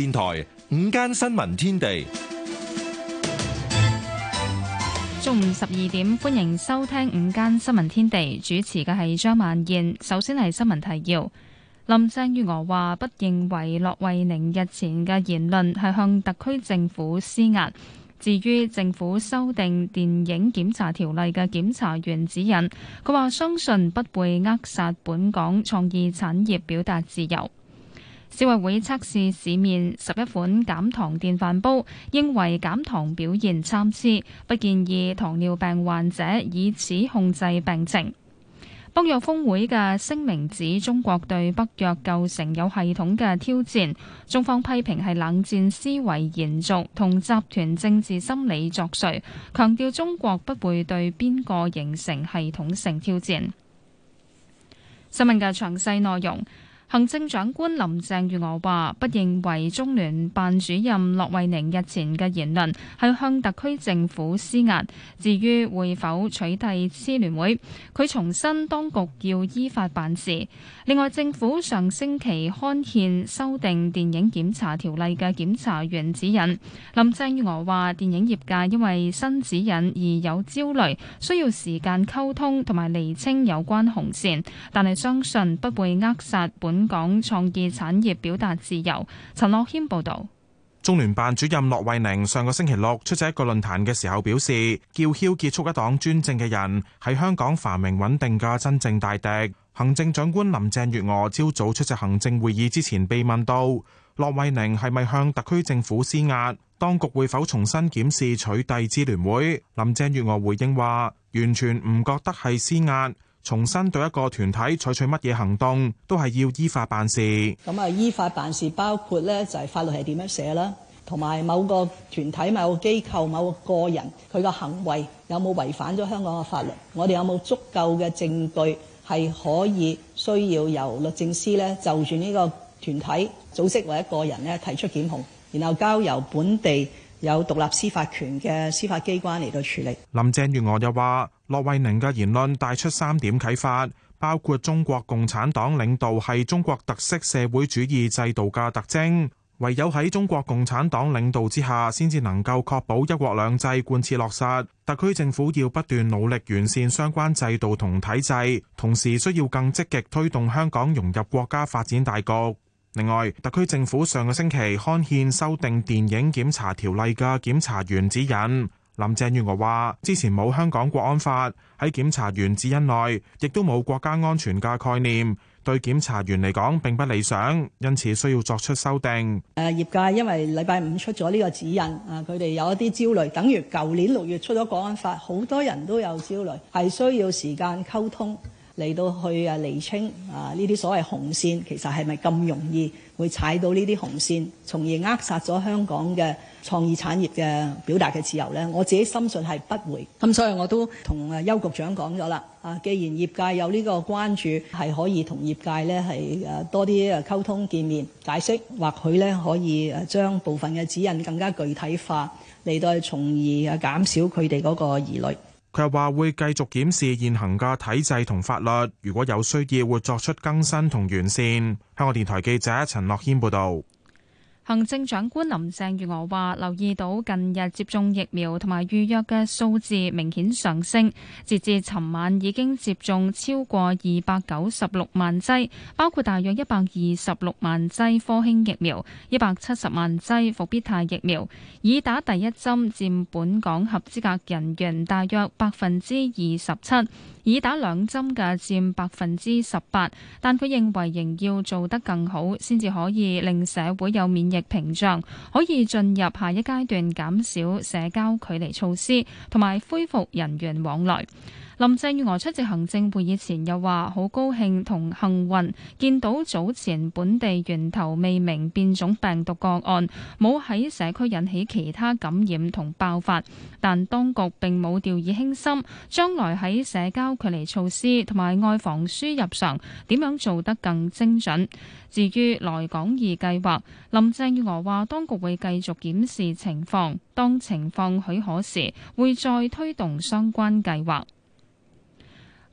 電台午間新聞天地，中午十二點歡迎收聽午間新聞天地，主持嘅係張萬燕。首先係新聞提要，林鄭月娥話不認為駱惠寧日前嘅言論係向特區政府施壓。至於政府修訂電影檢查條例嘅檢查員指引，佢話相信不會扼殺本港創意產業表達自由。消委會測試市面十一款減糖電飯煲，認為減糖表現參差，不建議糖尿病患者以此控制病情。北約峰會嘅聲明指，中國對北約構成有系統嘅挑戰，中方批評係冷戰思維延續同集團政治心理作祟，強調中國不會對邊個形成系統性挑戰。新聞嘅詳細內容。行政長官林鄭月娥話：不認為中聯辦主任駱惠寧日前嘅言論係向特區政府施壓。至於會否取締支聯會，佢重申當局要依法辦事。另外，政府上星期刊憲修訂電影檢查條例嘅檢查員指引。林鄭月娥話：電影業界因為新指引而有焦慮，需要時間溝通同埋釐清有關紅線，但係相信不會扼殺本香港創意產業表達自由。陳樂軒報導，中聯辦主任駱惠寧上個星期六出席一個論壇嘅時候表示，叫囂結束一黨專政嘅人係香港繁榮穩定嘅真正大敵。行政長官林鄭月娥朝早出席行政會議之前被問到，駱惠寧係咪向特區政府施壓？當局會否重新檢視取締支聯會？林鄭月娥回應話，完全唔覺得係施壓。重新對一個團體採取乜嘢行動，都係要依法辦事。咁啊，依法辦事包括咧，就係法律係點樣寫啦，同埋某個團體、某個機構、某個個人，佢個行為有冇違反咗香港嘅法律？我哋有冇足夠嘅證據係可以需要由律政司咧，就住呢個團體組織或者個人咧，提出檢控，然後交由本地有獨立司法權嘅司法機關嚟到處理。林鄭月娥又話。駱惠寧嘅言論帶出三點啟發，包括中國共產黨領導係中國特色社會主義制度嘅特徵，唯有喺中國共產黨領導之下，先至能夠確保一國兩制貫徹落實。特區政府要不斷努力完善相關制度同體制，同時需要更積極推動香港融入國家發展大局。另外，特區政府上個星期刊憲修訂電影檢查條例嘅檢查員指引。林鄭月娥話，之前冇香港國安法，喺檢察員指引內，亦都冇國家安全嘅概念，對檢察員嚟講並不理想，因此需要作出修訂。誒，業界因為禮拜五出咗呢個指引，啊，佢哋有一啲焦慮，等於舊年六月出咗國安法，好多人都有焦慮，係需要時間溝通嚟到去啊釐清啊呢啲所謂紅線，其實係咪咁容易會踩到呢啲紅線，從而扼殺咗香港嘅。創意產業嘅表達嘅自由呢，我自己深信係不會。咁所以我都同啊邱局長講咗啦，啊既然業界有呢個關注，係可以同業界呢係誒多啲誒溝通、見面、解釋，或許呢，可以誒將部分嘅指引更加具體化，嚟到從而減少佢哋嗰個疑慮。佢又話會繼續檢視現行嘅體制同法律，如果有需要會作出更新同完善。香港電台記者陳樂軒報導。行政長官林鄭月娥話：留意到近日接種疫苗同埋預約嘅數字明顯上升，截至尋晚已經接種超過二百九十六萬劑，包括大約一百二十六萬劑科興疫苗、一百七十萬劑復必泰疫苗，已打第一針佔本港合資格人員大約百分之二十七。已打兩針嘅佔百分之十八，但佢認為仍要做得更好，先至可以令社會有免疫屏障，可以進入下一階段減少社交距離措施，同埋恢復人員往來。林鄭月娥出席行政會議前又話：好高興同幸運，見到早前本地源頭未明變種病毒個案冇喺社區引起其他感染同爆發。但當局並冇掉以輕心，將來喺社交距離措施同埋外防輸入上點樣做得更精準。至於來港易計劃，林鄭月娥話：當局會繼續檢視情況，當情況許可時會再推動相關計劃。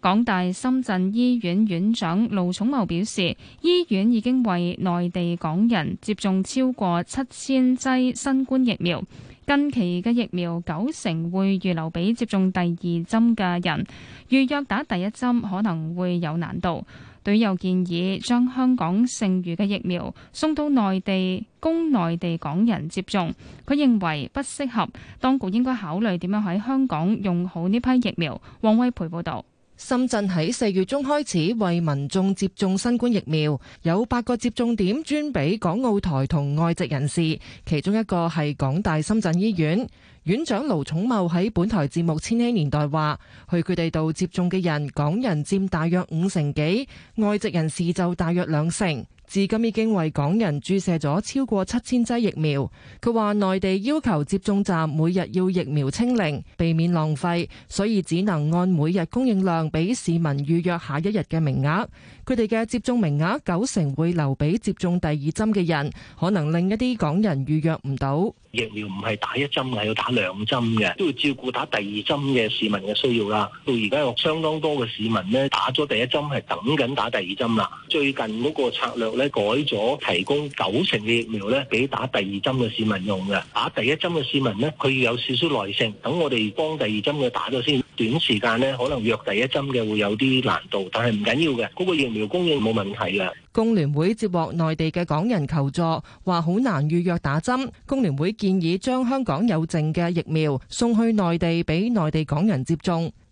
港大深圳醫院院長盧重茂表示，醫院已經為內地港人接種超過七千劑新冠疫苗。近期嘅疫苗九成會預留俾接種第二針嘅人，預約打第一針可能會有難度。佢又建議將香港剩餘嘅疫苗送到內地，供內地港人接種。佢認為不適合，當局應該考慮點樣喺香港用好呢批疫苗。王威培報道。深圳喺四月中開始為民眾接種新冠疫苗，有八個接種點專俾港澳台同外籍人士，其中一個係港大深圳醫院。院長盧寵茂喺本台節目《千禧年代》話，去佢哋度接種嘅人，港人佔大約五成幾，外籍人士就大約兩成。至今已經為港人注射咗超過七千劑疫苗。佢話：內地要求接種站每日要疫苗清零，避免浪費，所以只能按每日供應量俾市民預約下一日嘅名額。佢哋嘅接種名額九成會留俾接種第二針嘅人，可能令一啲港人預約唔到。疫苗唔係打一針，係要打兩針嘅，都要照顧打第二針嘅市民嘅需要啦。到而家有相當多嘅市民呢，打咗第一針，係等緊打第二針啦。最近嗰個策略咧改咗，提供九成嘅疫苗咧俾打第二針嘅市民用嘅，打第一針嘅市民呢，佢要有少少耐性，等我哋幫第二針嘅打咗先。短時間咧，可能約第一針嘅會有啲難度，但係唔緊要嘅，嗰個疫苗供應冇問題啦。工聯會接獲內地嘅港人求助，話好難預約打針。工聯會建議將香港有剩嘅疫苗送去內地，俾內地港人接種。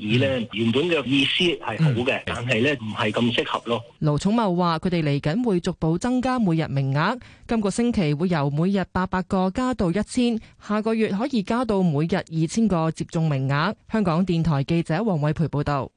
意咧原本嘅意思係好嘅，但係咧唔係咁適合咯。盧寵茂話：佢哋嚟緊會逐步增加每日名額，今個星期會由每日八百個加到一千，下個月可以加到每日二千個接種名額。香港電台記者黃偉培報道。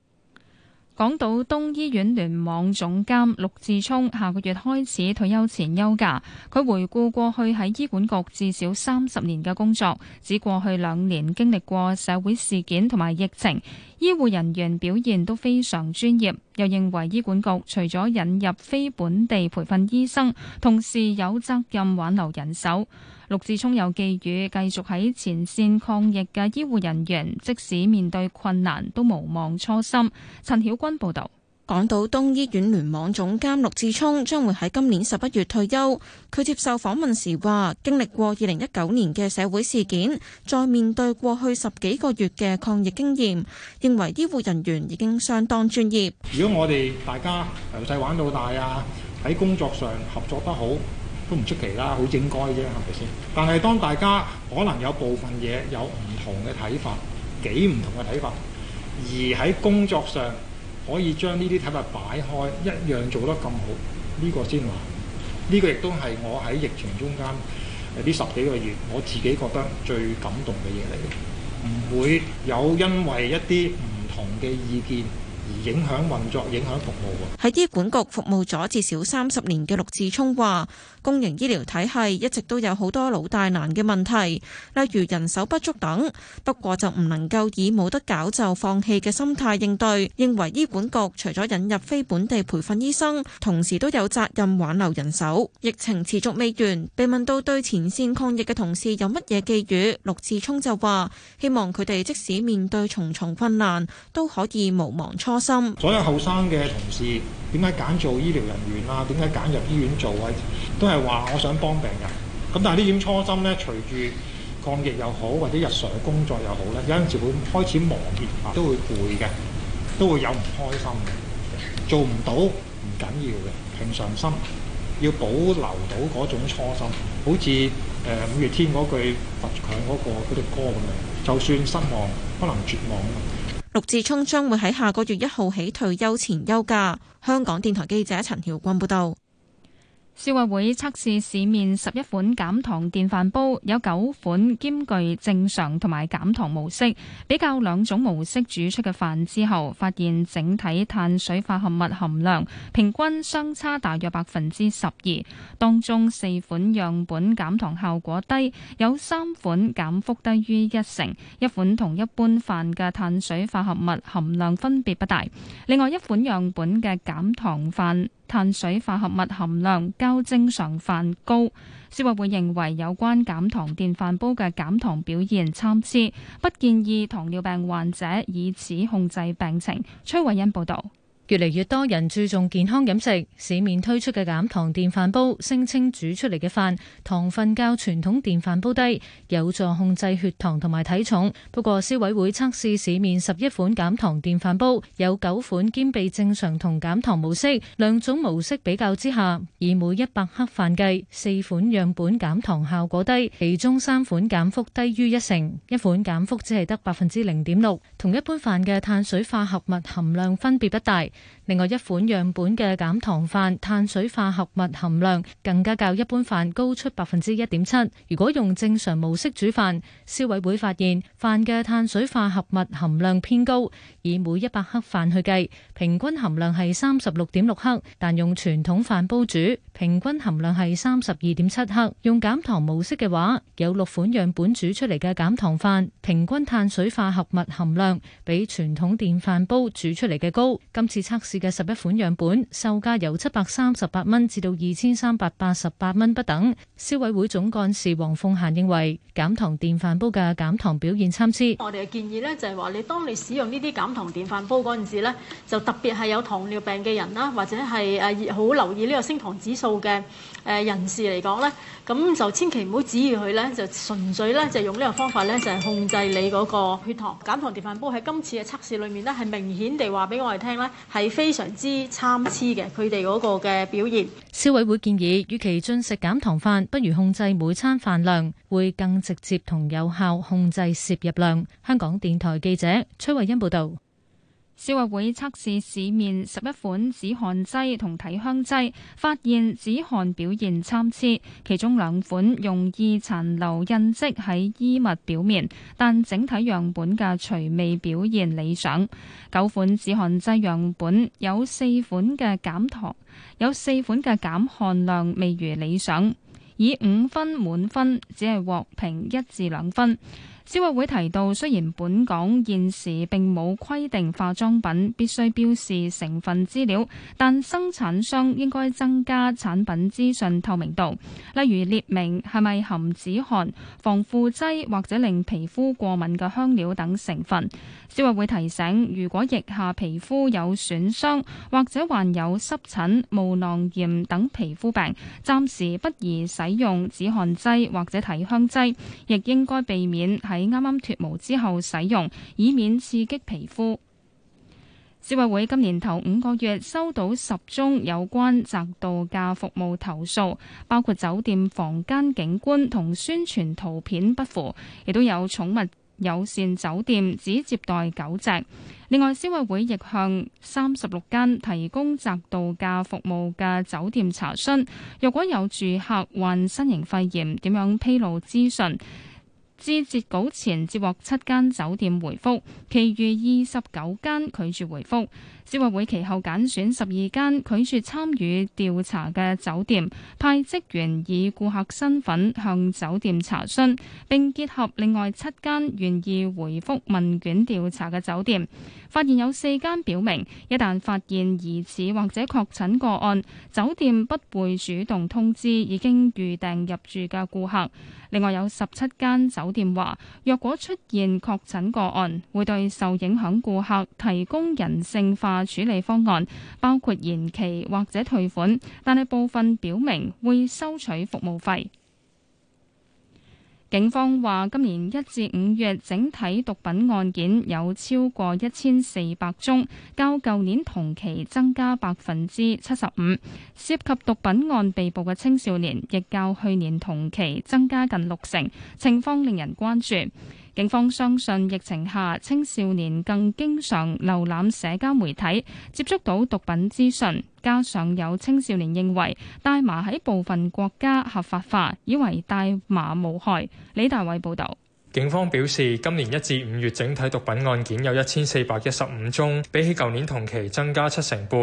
港島東醫院聯網總監陸志聰下個月開始退休前休假。佢回顧過去喺醫管局至少三十年嘅工作，指過去兩年經歷過社會事件同埋疫情，醫護人員表現都非常專業。又認為醫管局除咗引入非本地培訓醫生，同時有責任挽留人手。陸志聰又寄語繼續喺前線抗疫嘅醫護人員，即使面對困難，都無忘初心。陳曉君報導。港島東醫院聯網總監陸志聰將會喺今年十一月退休。佢接受訪問時話，經歷過二零一九年嘅社會事件，再面對過去十幾個月嘅抗疫經驗，認為醫護人員已經相當專業。如果我哋大家由細玩到大啊，喺工作上合作得好，都唔出奇啦，好應該啫，係咪先？但係當大家可能有部分嘢有唔同嘅睇法，幾唔同嘅睇法，而喺工作上，可以將呢啲睇法擺開，一樣做得咁好，呢個先話。呢個亦都係我喺疫情中間呢十幾個月，我自己覺得最感動嘅嘢嚟嘅，唔會有因為一啲唔同嘅意見，影響運作、影響服務。喺醫管局服務咗至少三十年嘅陸志聰話：公營醫療體系一直都有好多老大難嘅問題，例如人手不足等。不過就唔能夠以冇得搞就放棄嘅心態應對。認為醫管局除咗引入非本地培訓醫生，同時都有責任挽留人手。疫情持續未完，被問到對前線抗疫嘅同事有乜嘢寄語，陸志聰就話：希望佢哋即使面對重重困難，都可以無忘初。所有後生嘅同事點解揀做醫療人員啊？點解揀入醫院做啊？都係話我想幫病人。咁但係呢點初心咧，隨住抗疫又好或者日常嘅工作又好咧，有陣時會開始磨滅啊，都會攰嘅，都會有唔開心嘅，做唔到唔緊要嘅，平常心要保留到嗰種初心。好似誒五月天嗰句倔強嗰個嗰隻歌咁樣，就算失望，不能絕望。陸志聰將會喺下個月一號起退休前休假。香港電台記者陳曉君報道。消委會測試市面十一款減糖電飯煲，有九款兼具正常同埋減糖模式。比較兩種模式煮出嘅飯之後，發現整體碳水化合物含量平均相差大約百分之十二。當中四款樣本減糖效果低，有三款減幅低於一成，一款同一般飯嘅碳水化合物含量分別不大。另外一款樣本嘅減糖飯，碳水化合物含量較正常飯高，消委會認為有關減糖電飯煲嘅減糖表現參差，不建議糖尿病患者以此控制病情。崔慧欣報道。越嚟越多人注重健康飲食，市面推出嘅減糖電飯煲聲稱煮出嚟嘅飯糖分較傳統電飯煲低，有助控制血糖同埋體重。不過消委會測試市面十一款減糖電飯煲，有九款兼備正常同減糖模式。兩種模式比較之下，以每一百克飯計，四款樣本減糖效果低，其中三款減幅低於一成，一款減幅只係得百分之零點六，同一般飯嘅碳水化合物含量分別不大。另外一款樣本嘅減糖飯碳水化合物含量更加較一般飯高出百分之一點七。如果用正常模式煮飯，消委會發現飯嘅碳水化合物含量偏高，以每一百克飯去計，平均含量係三十六點六克。但用傳統飯煲煮，平均含量係三十二點七克。用減糖模式嘅話，有六款樣本煮出嚟嘅減糖飯平均碳水化合物含量比傳統電飯煲煮出嚟嘅高。今次。測試嘅十一款樣本售價由七百三十八蚊至到二千三百八十八蚊不等。消委會總幹事黃鳳嫻認為，減糖電飯煲嘅減糖表現參差。我哋嘅建議呢，就係話，你當你使用呢啲減糖電飯煲嗰陣時呢，就特別係有糖尿病嘅人啦，或者係誒好留意呢個升糖指數嘅。誒人士嚟講呢，咁就千祈唔好指意佢呢，就純粹呢，就用呢個方法呢，就係控制你嗰個血糖。減糖電飯煲喺今次嘅測試裏面，呢係明顯地話俾我哋聽，呢係非常之參差嘅，佢哋嗰個嘅表現。消委會建議，與其進食減糖飯，不如控制每餐飯量，會更直接同有效控制攝入量。香港電台記者崔慧欣報道。消委會測試市面十一款止汗劑同體香劑，發現止汗表現參差，其中兩款容易殘留印跡喺衣物表面，但整體樣本嘅除味表現理想。九款止汗劑樣本有四款嘅減糖，有四款嘅減汗量未如理想。以五分滿分，只係獲評一至兩分。消委會提到，雖然本港現時並冇規定化妝品必須標示成分資料，但生產商應該增加產品資訊透明度，例如列明係咪含止汗、防腐劑或者令皮膚過敏嘅香料等成分。消委會提醒，如果腋下皮膚有損傷或者患有濕疹、毛囊炎等皮膚病，暫時不宜使用止汗劑或者體香劑，亦應該避免係喺啱啱脫毛之後使用，以免刺激皮膚。消委會今年頭五個月收到十宗有關宅度假服務投訴，包括酒店房間景觀同宣傳圖片不符，亦都有寵物友善酒店只接待九隻。另外，消委會亦向三十六間提供宅度假服務嘅酒店查詢，若果有住客患新型肺炎，點樣披露資訊？至截稿前接獲七間酒店回覆，其餘二十九間拒絕回覆。消委會其後揀選十二間拒絕參與調查嘅酒店，派職員以顧客身份向酒店查詢，並結合另外七間願意回覆問卷調查嘅酒店，發現有四間表明一旦發現疑似或者確診個案，酒店不會主動通知已經預訂入住嘅顧客。另外有十七間酒店話，若果出現確診個案，會對受影響顧客提供人性化。處理方案包括延期或者退款，但係部分表明會收取服務費。警方話，今年一至五月整體毒品案件有超過一千四百宗，較舊年同期增加百分之七十五。涉及毒品案被捕嘅青少年，亦較去年同期增加近六成，情況令人關注。警方相信，疫情下青少年更經常瀏覽社交媒體接觸到毒品資訊，加上有青少年認為大麻喺部分國家合法化，以為大麻無害。李大偉報道。警方表示，今年一至五月整體毒品案件有一千四百一十五宗，比起舊年同期增加七成半，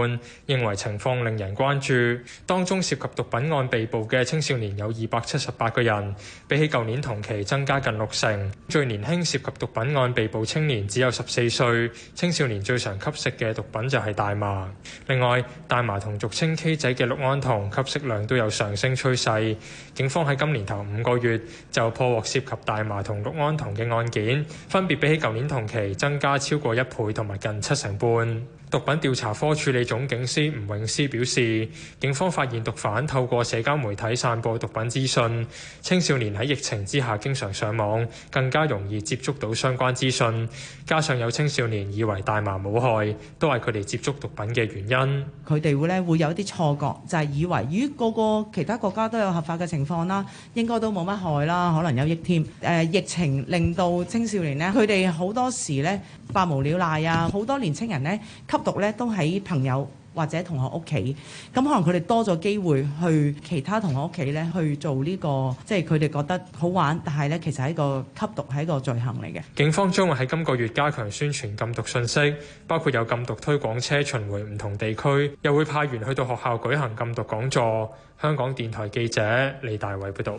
認為情況令人關注。當中涉及毒品案被捕嘅青少年有二百七十八個人，比起舊年同期增加近六成。最年輕涉及毒品案被捕青年只有十四歲。青少年最常吸食嘅毒品就係大麻。另外，大麻同俗稱 K 仔嘅氯胺酮吸食量都有上升趨勢。警方喺今年頭五個月就破獲涉及大麻同氯胺安同嘅案件，分別比起舊年同期增加超過一倍，同埋近七成半。毒品調查科處理總警司吳永思表示，警方發現毒販透過社交媒體散播毒品資訊，青少年喺疫情之下經常上網，更加容易接觸到相關資訊，加上有青少年以為大麻冇害，都係佢哋接觸毒品嘅原因。佢哋會咧會有一啲錯覺，就係、是、以為咦，個個其他國家都有合法嘅情況啦，應該都冇乜害啦，可能有益添。誒、呃、疫情令到青少年咧，佢哋好多時咧百無聊賴啊，好多年青人咧吸。毒咧都喺朋友或者同學屋企，咁可能佢哋多咗機會去其他同學屋企咧去做呢個，即係佢哋覺得好玩，但係咧其實係一個吸毒係一個罪行嚟嘅。警方將會喺今個月加強宣傳禁毒信息，包括有禁毒推廣車巡迴唔同地區，又會派員去到學校舉行禁毒講座。香港電台記者李大偉報道。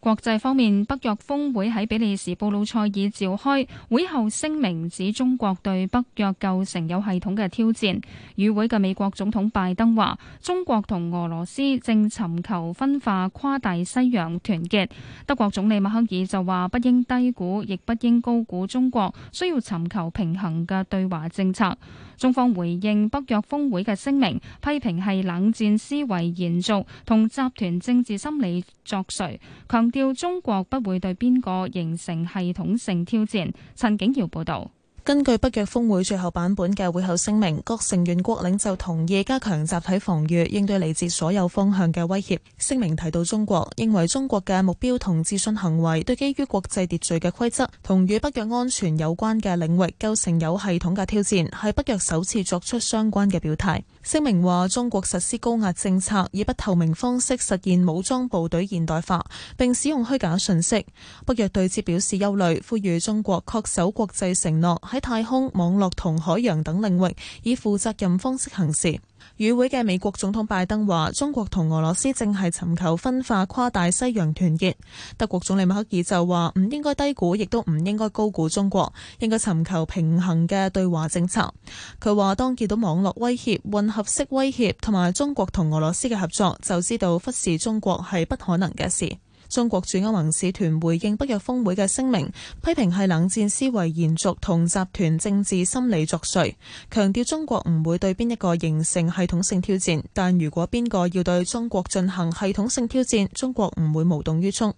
國際方面，北約峰會喺比利時布魯塞爾召開，會後聲明指中國對北約構成有系統嘅挑戰。與會嘅美國總統拜登話：中國同俄羅斯正尋求分化跨大西洋團結。德國總理默克爾就話：不應低估，亦不應高估中國，需要尋求平衡嘅對華政策。中方回應北約峰會嘅聲明，批評係冷戰思維延續同集團政治心理作祟，強調中國不會對邊個形成系統性挑戰。陳景瑤報道。根據北約峰會最後版本嘅會後聲明，各成員國領袖同意加強集體防禦，應對嚟自所有方向嘅威脅。聲明提到中國，認為中國嘅目標同自信行為對基於國際秩序嘅規則同與北約安全有關嘅領域構成有系統嘅挑戰，係北約首次作出相關嘅表態。聲明話：中國實施高壓政策，以不透明方式實現武裝部隊現代化，並使用虛假信息。北約對此表示憂慮，呼籲中國恪守國際承諾，喺太空、網絡同海洋等領域以負責任方式行事。與會嘅美國總統拜登話：中國同俄羅斯正係尋求分化、跨大西洋團結。德國總理默克爾就話：唔應該低估，亦都唔應該高估中國，應該尋求平衡嘅對華政策。佢話：當見到網絡威脅、混合式威脅同埋中國同俄羅斯嘅合作，就知道忽視中國係不可能嘅事。中國駐歐盟使團回應北約峰會嘅聲明，批評係冷戰思維延續同集團政治心理作祟，強調中國唔會對邊一個形成系統性挑戰，但如果邊個要對中國進行系統性挑戰，中國唔會無動於衷。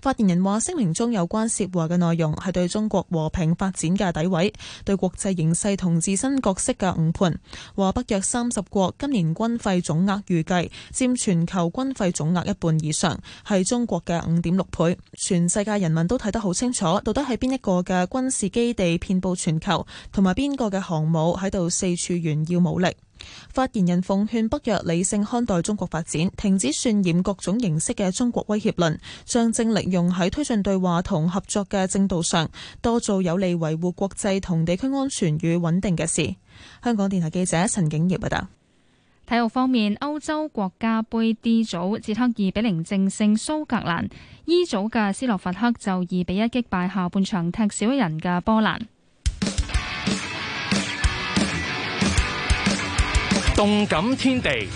發言人話：聲明中有關涉華嘅內容係對中國和平發展嘅詆毀、對國際形勢同自身角色嘅誤判。話北約三十國今年軍費總額預計佔全球軍費總額一半以上，係中國嘅。五點六倍，全世界人民都睇得好清楚，到底係邊一個嘅軍事基地遍布全球，同埋邊個嘅航母喺度四處炫耀武力。發言人奉勸北約理性看待中國發展，停止渲染各種形式嘅中國威脅論，將精力用喺推進對話同合作嘅正道上，多做有利維護國際同地區安全與穩定嘅事。香港電台記者陳景業報道。體育方面，歐洲國家盃 D 組捷克二比零淨勝蘇格蘭，E 組嘅斯洛伐克就二比一擊敗下半場踢少人嘅波蘭。動感天地。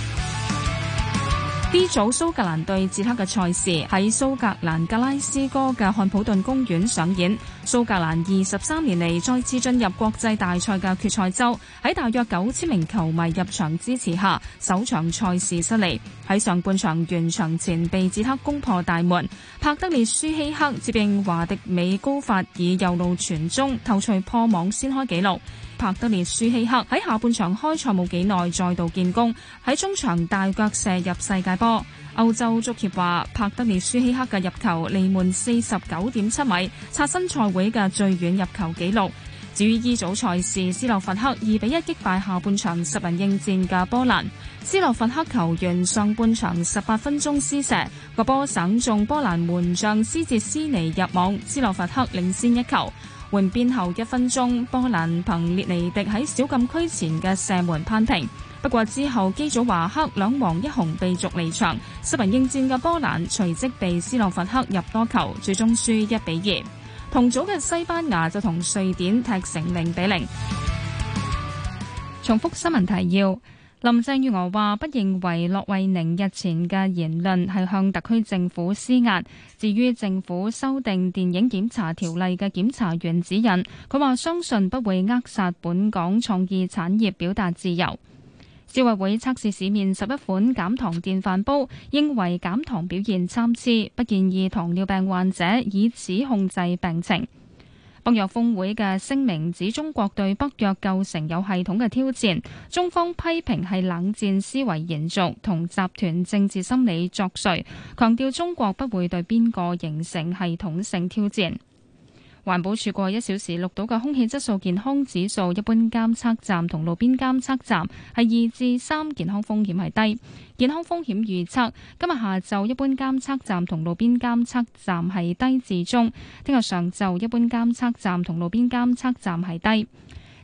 B 組蘇格蘭對捷克嘅賽事喺蘇格蘭格拉斯哥嘅漢普頓公園上演，蘇格蘭二十三年嚟，再次進入國際大賽嘅決賽週，喺大約九千名球迷入場支持下，首場賽事失利，喺上半場完場前被捷克攻破大門。帕德列舒希克接應華迪美高法以右路傳中，頭槌破網先開紀錄。帕德列舒希克喺下半場開賽冇幾耐再度建功，喺中場大腳射入世界波。歐洲足協話，帕德列舒希克嘅入球離門四十九點七米，刷新賽會嘅最遠入球紀錄。至於依組賽事，斯洛伐克二比一擊敗下半場十人應戰嘅波蘭，斯洛伐克球員上半場十八分鐘施射，個波省中波蘭門將斯捷斯尼入網，斯洛伐克領先一球。換邊後一分鐘，波蘭憑列尼迪喺小禁區前嘅射門扳平。不過之後基祖華克兩黃一紅被逐離場，十人應戰嘅波蘭隨即被斯洛伐克入多球，最終輸一比二。同組嘅西班牙就同瑞典踢成零比零。重複新聞提要。林鄭月娥話，不認為駱惠寧日前嘅言論係向特區政府施壓。至於政府修訂電影檢查條例嘅檢查員指引，佢話相信不會扼殺本港創意產業表達自由。消委會測試市面十一款減糖電飯煲，認為減糖表現參差，不建議糖尿病患者以此控制病情。北約峰會嘅聲明指中國對北約構成有系統嘅挑戰，中方批評係冷戰思維延續同集團政治心理作祟，強調中國不會對邊個形成系統性挑戰。環保署過去一小時錄到嘅空氣質素健康指數，一般監測站同路邊監測站係二至三，健康風險係低。健康風險預測，今日下晝一般監測站同路邊監測站係低至中，聽日上晝一般監測站同路邊監測站係低。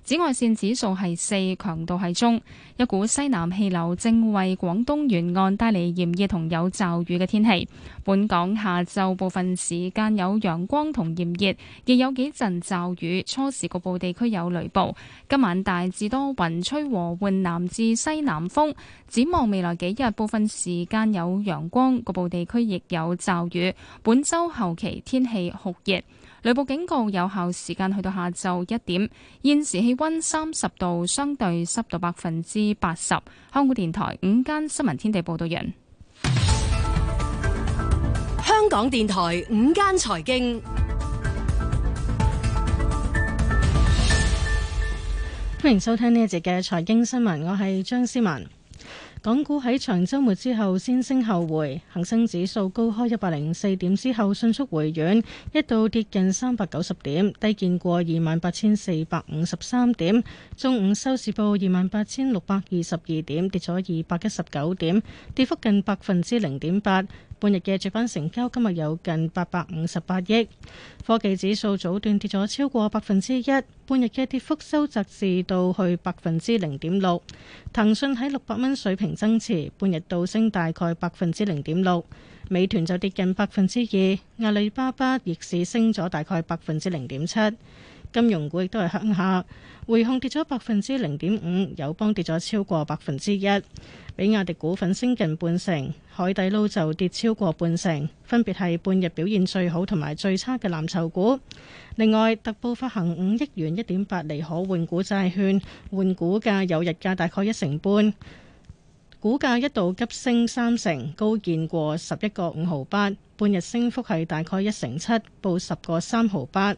紫外線指數係四，強度係中。一股西南氣流正為廣東沿岸帶嚟炎熱同有驟雨嘅天氣。本港下晝部分時間有陽光同炎熱，亦有幾陣驟雨。初時局部地區有雷暴。今晚大致多雲，吹和緩南至西南風。展望未來幾日，部分時間有陽光，局部地區亦有驟雨。本週後期天氣酷熱。雷暴警告有效時間去到下晝一點。現時氣溫三十度，相對濕度百分之八十。香港電台午間新聞天地報道完，香港電台午間財經，歡迎收聽呢一節嘅財經新聞，我係張思文。港股喺長周末之後先升後回，恒生指數高開一百零四點之後迅速回軟，一度跌近三百九十點，低見過二萬八千四百五十三點。中午收市報二萬八千六百二十二點，跌咗二百一十九點，跌幅近百分之零點八。半日嘅主板成交今日有近八百五十八億，科技指數早段跌咗超過百分之一，半日嘅跌幅收窄至到去百分之零點六。騰訊喺六百蚊水平增持，半日倒升大概百分之零點六。美團就跌近百分之二，阿里巴巴逆市升咗大概百分之零點七。金融股亦都係向下，匯控跌咗百分之零點五，友邦跌咗超過百分之一，比亞迪股份升近半成，海底撈就跌超過半成，分別係半日表現最好同埋最差嘅藍籌股。另外，特步發行五億元一點八厘可換股債券，換股價有日價大概一成半。股價一度急升三成，高見過十一個五毫八，半日升幅係大概一成七，報十個三毫八。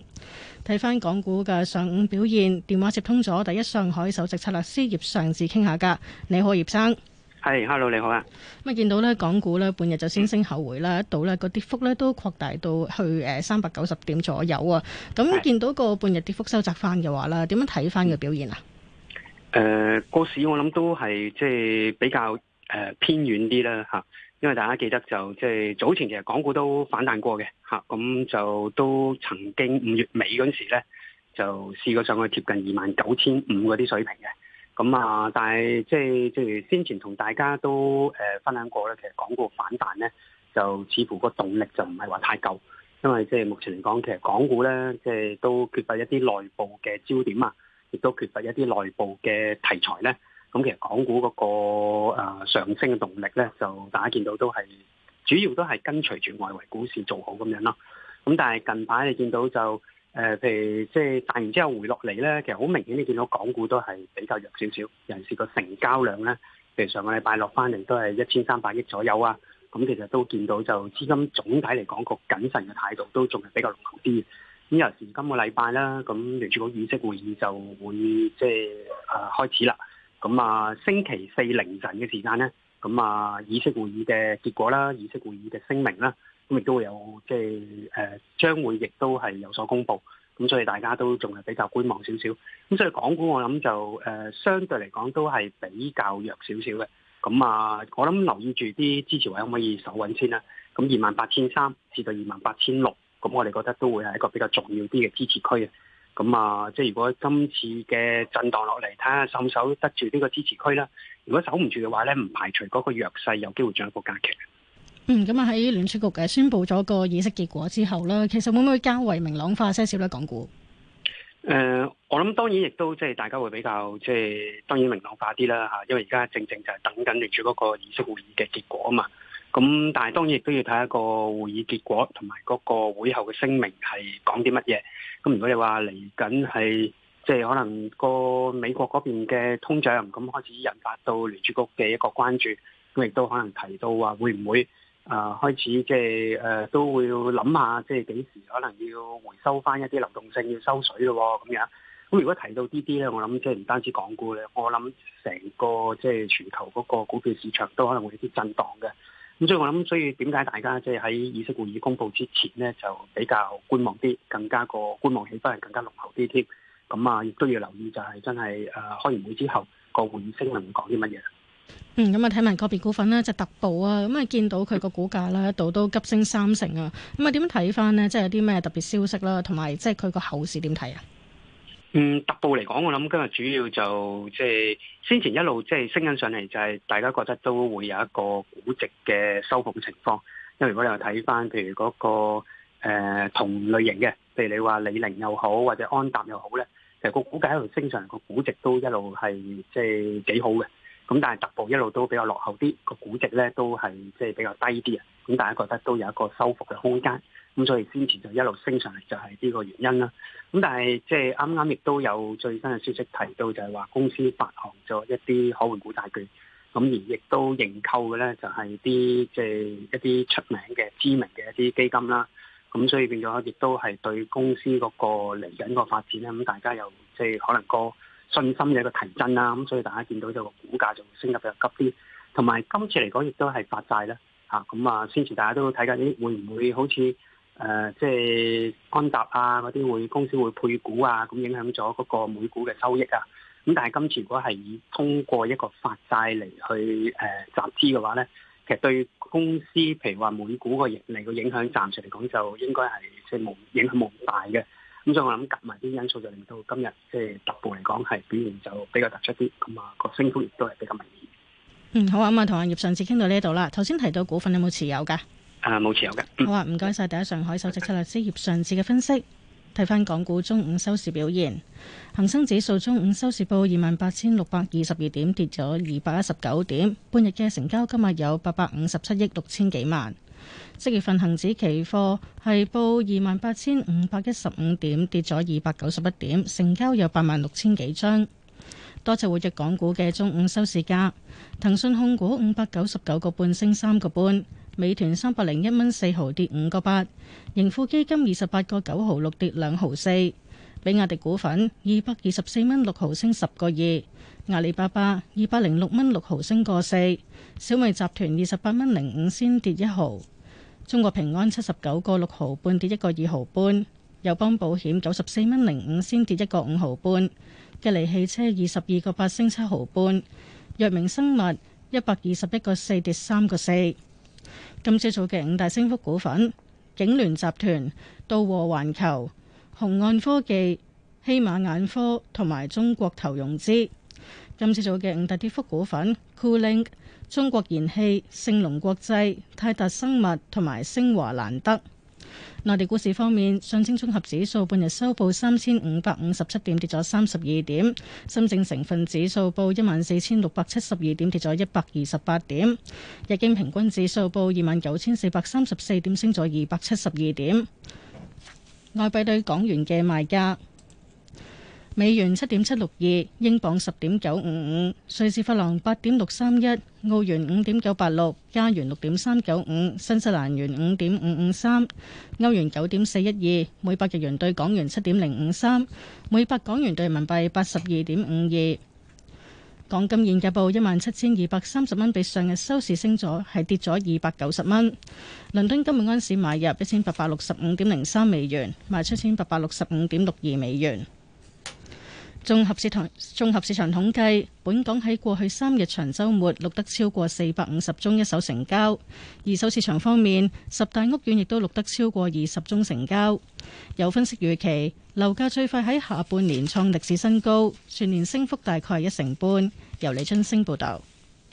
睇翻港股嘅上午表現，電話接通咗第一上海首席策略師葉尚志傾下偈。你好，葉生。係、hey，hello，你好啊。咁啊，見到咧港股咧半日就先升後回啦，一度咧個跌幅咧都擴大到去誒三百九十點左右啊。咁、嗯、見到個半日跌幅收窄翻嘅話啦，點樣睇翻嘅表現啊？嗯誒，個市、呃、我諗都係即係比較誒、呃、偏遠啲啦吓，因為大家記得就即係早前其實港股都反彈過嘅吓，咁、啊、就都曾經五月尾嗰陣時咧就試過上去接近二萬九千五嗰啲水平嘅，咁啊，但係即係即係先前同大家都誒、呃、分享過咧，其實港股反彈咧就似乎個動力就唔係話太夠，因為即係目前嚟講，其實港股咧即係都缺乏一啲內部嘅焦點啊。亦都缺乏一啲內部嘅題材咧，咁其實港股嗰個上升嘅動力咧，就大家見到都係主要都係跟隨住外圍股市做好咁樣咯。咁但係近排你見到就誒，譬、呃、如即係彈完之後回落嚟咧，其實好明顯你見到港股都係比較弱少少，尤其是個成交量咧，譬如上個禮拜落翻嚟都係一千三百億左右啊。咁、嗯、其實都見到就資金總體嚟講個謹慎嘅態度都仲係比較濃厚啲。咁又是今個禮拜啦，咁聯儲局議息會議就會即係啊開始啦。咁啊，星期四凌晨嘅時間咧，咁啊議息會議嘅結果啦，議息會議嘅聲明啦，咁亦都有即係誒將會亦都係有所公佈。咁所以大家都仲係比較觀望少少。咁所以港股我諗就誒相對嚟講都係比較弱少少嘅。咁啊，我諗留意住啲支持位可唔可以守穩先啦。咁二萬八千三至到二萬八千六。咁我哋覺得都會係一個比較重要啲嘅支持區啊！咁啊、呃，即係如果今次嘅震盪落嚟，睇下守唔守得住呢個支持區啦。如果守唔住嘅話咧，唔排除嗰個弱勢有機會再一個加劇。嗯，咁啊喺聯儲局嘅宣布咗個議息結果之後啦，其實會唔會較為明朗化些少咧？港股？誒、呃，我諗當然亦都即係大家會比較即係、就是、當然明朗化啲啦嚇，因為而家正正就係等緊聯儲嗰個議息會議嘅結果啊嘛。咁，但係當然亦都要睇一個會議結果，同埋嗰個會後嘅聲明係講啲乜嘢。咁如果你話嚟緊係，即係可能個美國嗰邊嘅通脹咁開始引發到聯儲局嘅一個關注，咁亦都可能提到話會唔會啊開始即係誒都會諗下，即係幾時可能要回收翻一啲流動性，要收水咯咁樣。咁如果提到呢啲咧，我諗即係唔單止港股咧，我諗成個即係全球嗰個股票市場都可能會有啲震盪嘅。咁所以我諗，所以點解大家即係喺議息會議公布之前呢，就比較觀望啲，更加個觀望氣氛係更加濃厚啲添。咁啊，亦都要留意就係真係誒、啊、開完會之後個會議聲明會講啲乜嘢。嗯，咁啊睇埋個別股份呢，就是、特步啊，咁啊見到佢個股價咧一度都急升三成啊。咁啊點樣睇翻呢？即、就、係、是、有啲咩特別消息啦，同埋即係佢個後市點睇啊？嗯，特步嚟講，我諗今日主要就即、是、係、就是、先前一路即係升緊上嚟，就是，就係大家覺得都會有一個估值嘅收復情況。因為如果你話睇翻，譬如嗰、那個誒、呃、同類型嘅，譬如你話李寧又好或者安踏又好咧，其實個估價一路升上嚟，個估值都一路係即係幾好嘅。咁但係特步一路都比較落後啲，個估值咧都係即係比較低啲啊。咁大家覺得都有一個收復嘅空間。咁所以先前就一路升上嚟，就係呢個原因啦。咁但係即係啱啱亦都有最新嘅消息提到，就係話公司發行咗一啲可換股債券，咁而亦都認購嘅咧，就係啲即係一啲出名嘅知名嘅一啲基金啦。咁所以變咗亦都係對公司嗰個嚟緊個發展咧，咁大家又即係可能個信心有一個提振啦。咁所以大家見到就股價就會升得比較急啲，同埋今次嚟講亦都係發債啦。嚇咁啊，先前大家都睇緊，會唔會好似？誒、呃，即係安踏啊，嗰啲會公司會配股啊，咁影響咗嗰個每股嘅收益啊。咁但係今次如果係以通過一個發債嚟去誒、呃、集資嘅話咧，其實對公司譬如話每股個盈利個影響，暫時嚟講就應該係即係冇影響冇咁大嘅。咁、嗯、所以我諗夾埋啲因素就令到今日即係特步嚟講係表現就比較突出啲，咁、嗯、啊。個升幅亦都係比較明顯，嗯。嗯，好啊，咁啊，同阿葉上次傾到呢度啦。頭先提到股份有冇持有㗎？啊，冇持有嘅。好啊，唔該晒。第一上海首席策略師葉上次嘅分析，睇翻港股中午收市表現。恒生指數中午收市報二萬八千六百二十二點，跌咗二百一十九點。半日嘅成交金額有八百五十七億六千幾萬。即月份恒指期貨係報二萬八千五百一十五點，跌咗二百九十一點，成交有八萬六千幾張。多謝活躍港股嘅中午收市價。騰訊控股五百九十九個半升三個半。美團三百零一蚊四毫跌五個八，盈富基金二十八個九毫六跌兩毫四，比亞迪股份二百二十四蚊六毫升十個二，阿里巴巴二百零六蚊六毫升個四，小米集團二十八蚊零五先跌一毫，中國平安七十九個六毫半跌一個二毫半，友邦保險九十四蚊零五先跌一個五毫半，吉利汽車二十二個八升七毫半，藥明生物一百二十一個四跌三個四。今朝早嘅五大升幅股份：景聯集團、道和環球、雄岸科技、希瑪眼科同埋中國投融資。今朝早嘅五大跌幅股份：Coolink、中國燃氣、盛隆國際、泰達生物同埋星華蘭德。內地股市方面，上證綜合指數半日收報三千五百五十七點，跌咗三十二點；深證成分指數報一萬四千六百七十二點，跌咗一百二十八點；日經平均指數報二萬九千四百三十四點，升咗二百七十二點。外幣對港元嘅賣價。美元七點七六二，英鎊十點九五五，瑞士法郎八點六三一，澳元五點九八六，加元六點三九五，新西蘭元五點五五三，歐元九點四一二，每百日元兌港元七點零五三，每百港元兌人民幣八十二點五二。港金現價報一萬七千二百三十蚊，比上日收市升咗，係跌咗二百九十蚊。倫敦金每安士買入一千八百六十五點零三美元，賣出一千八百六十五點六二美元。綜合市場綜合市場統計，本港喺過去三日長週末錄得超過四百五十宗一手成交，二手市場方面，十大屋苑亦都錄得超過二十宗成交。有分析預期樓價最快喺下半年創歷史新高，全年升幅大概係一成半。由李春升報導。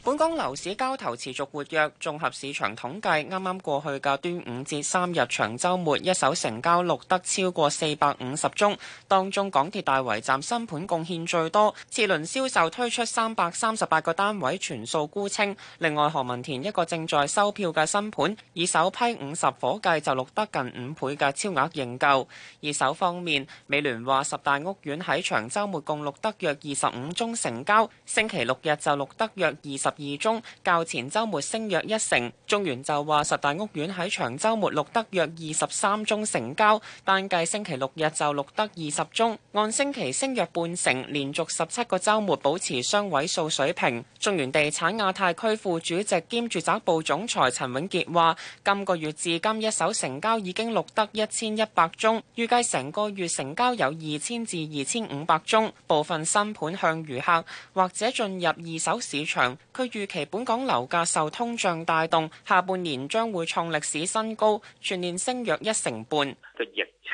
本港樓市交投持續活躍，綜合市場統計，啱啱過去嘅端午節三日長週末，一手成交錄得超過四百五十宗，當中港鐵大圍站新盤貢獻最多，次輪銷售推出三百三十八個單位，全數沽清。另外，何文田一個正在收票嘅新盤，以首批五十伙計就錄得近五倍嘅超額認購。二手方面，美聯話十大屋苑喺長週末共錄得約二十五宗成交，星期六日就錄得約二十二宗，較前周末升約一成。中原就話，十大屋苑喺長週末錄得約二十三宗成交，單計星期六日就錄得二十宗，按星期升約半成，連續十七個週末保持雙位數水平。中原地產亞太區副主席兼住宅部總裁陳永傑話，今個月至今一手成交已經錄得一千一百宗，預計成個月成交有二千至二千五百宗，部分新盤向餘客或者進入二手市場。預期本港樓價受通脹帶動，下半年將會創歷史新高，全年升約一成半。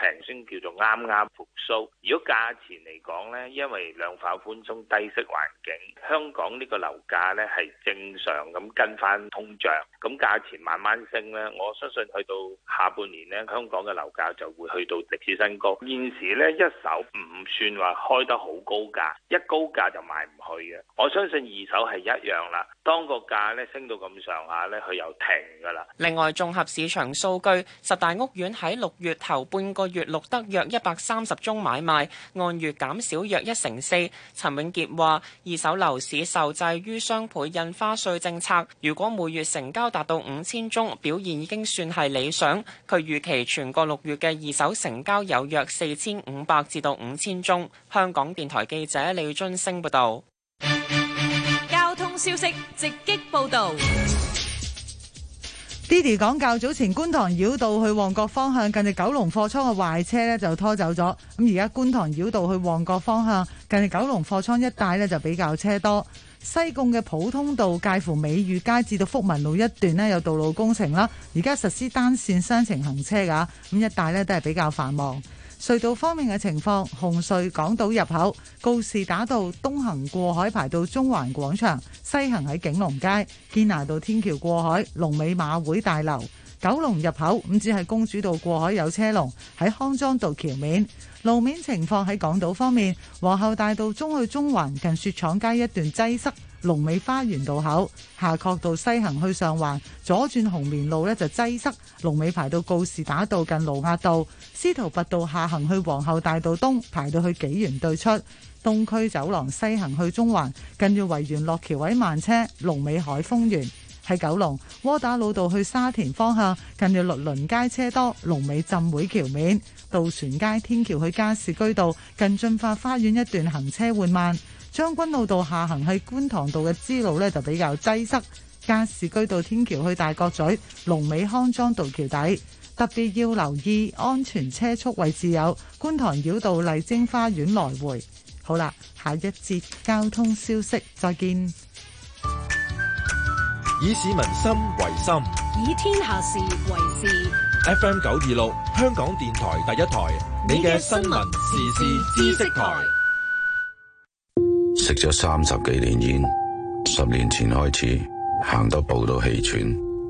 平升叫做啱啱復蘇，如果價錢嚟講咧，因為量化寬鬆低息環境，香港呢個樓價咧係正常咁跟翻通脹，咁價錢慢慢升咧，我相信去到下半年咧，香港嘅樓價就會去到歷史新高。現時咧一手唔算話開得好高價，一高價就賣唔去嘅。我相信二手係一樣啦。當個價咧升到咁上下咧，佢又停噶啦。另外綜合市場數據，十大屋苑喺六月頭半個月錄得約一百三十宗買賣，按月減少約一成四。陳永傑話：二手樓市受制於雙倍印花稅政策，如果每月成交達到五千宗，表現已經算係理想。佢預期全個六月嘅二手成交有約四千五百至到五千宗。香港電台記者李津升報道。交通消息直擊報道。Diddy 講，較早前觀塘繞道去旺角方向，近住九龍貨倉嘅壞車咧就拖走咗。咁而家觀塘繞道去旺角方向，近住九龍貨倉一帶咧就比較車多。西貢嘅普通道介乎美裕街至到福民路一段咧有道路工程啦，而家實施單線雙程行車噶，咁一帶咧都係比較繁忙。隧道方面嘅情況，紅隧港島入口告士打道東行過海排到中環廣場，西行喺景隆街、堅拿道天橋過海，龍尾馬會大樓、九龍入口唔只係公主道過海有車龍，喺康莊道橋面。路面情況喺港島方面，皇后大道中去中環近雪廠街一段擠塞。龍尾花園道口。夏慤道西行去上環，左轉紅棉路呢就擠塞，龍尾排到告士打道近盧押道。司徒拔道下行去皇后大道東，排到去紀元對出。東區走廊西行去中環，近住維園落橋位慢車，龍尾海峰園。喺九龍窩打老道去沙田方向，近住律倫街車多，龍尾浸會橋面。渡船街天橋去加士居道，近駿發花園一段行車緩慢。將軍澳道下行去觀塘道嘅支路呢，就比較擠塞，加士居道天橋去大角咀龍尾康莊道橋底，特別要留意安全車速位置有觀塘繞道麗晶花園來回。好啦，下一節交通消息，再見。以市民心為心，以天下事為事。FM 九二六，香港電台第一台，聞你嘅新聞時事知識台。食咗三十幾年煙，十年前開始行得步都氣喘，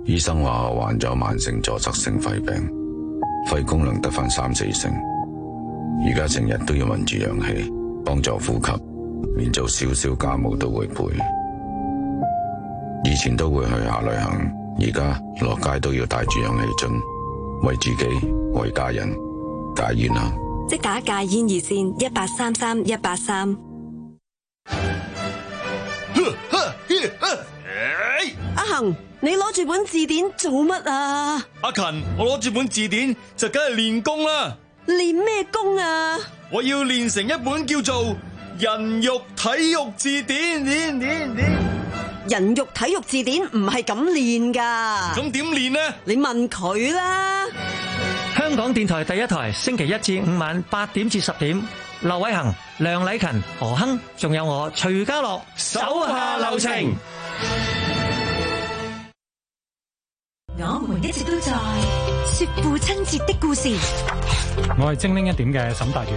醫生話我患咗慢性阻塞性肺病，肺功能得返三四成，而家成日都要聞住氧氣幫助呼吸，連做少少家務都會背。以前都會去下旅行，而家落街都要帶住氧氣樽，為自己為家人戒煙啦！即打戒煙熱線一八三三一八三。你攞住本字典做乜啊？阿勤，我攞住本字典就梗係練功啦。練咩功啊？我要練成一本叫做《人肉體育字典》練練練。嗯嗯、人肉體育字典唔係咁練噶。咁點練呢？你問佢啦。香港電台第一台，星期一至五晚八點至十點，劉偉恒、梁禮勤、何亨，仲有我徐家樂，手下留情。我們一直都在說父親節的故事。我係精靈一點嘅沈達源。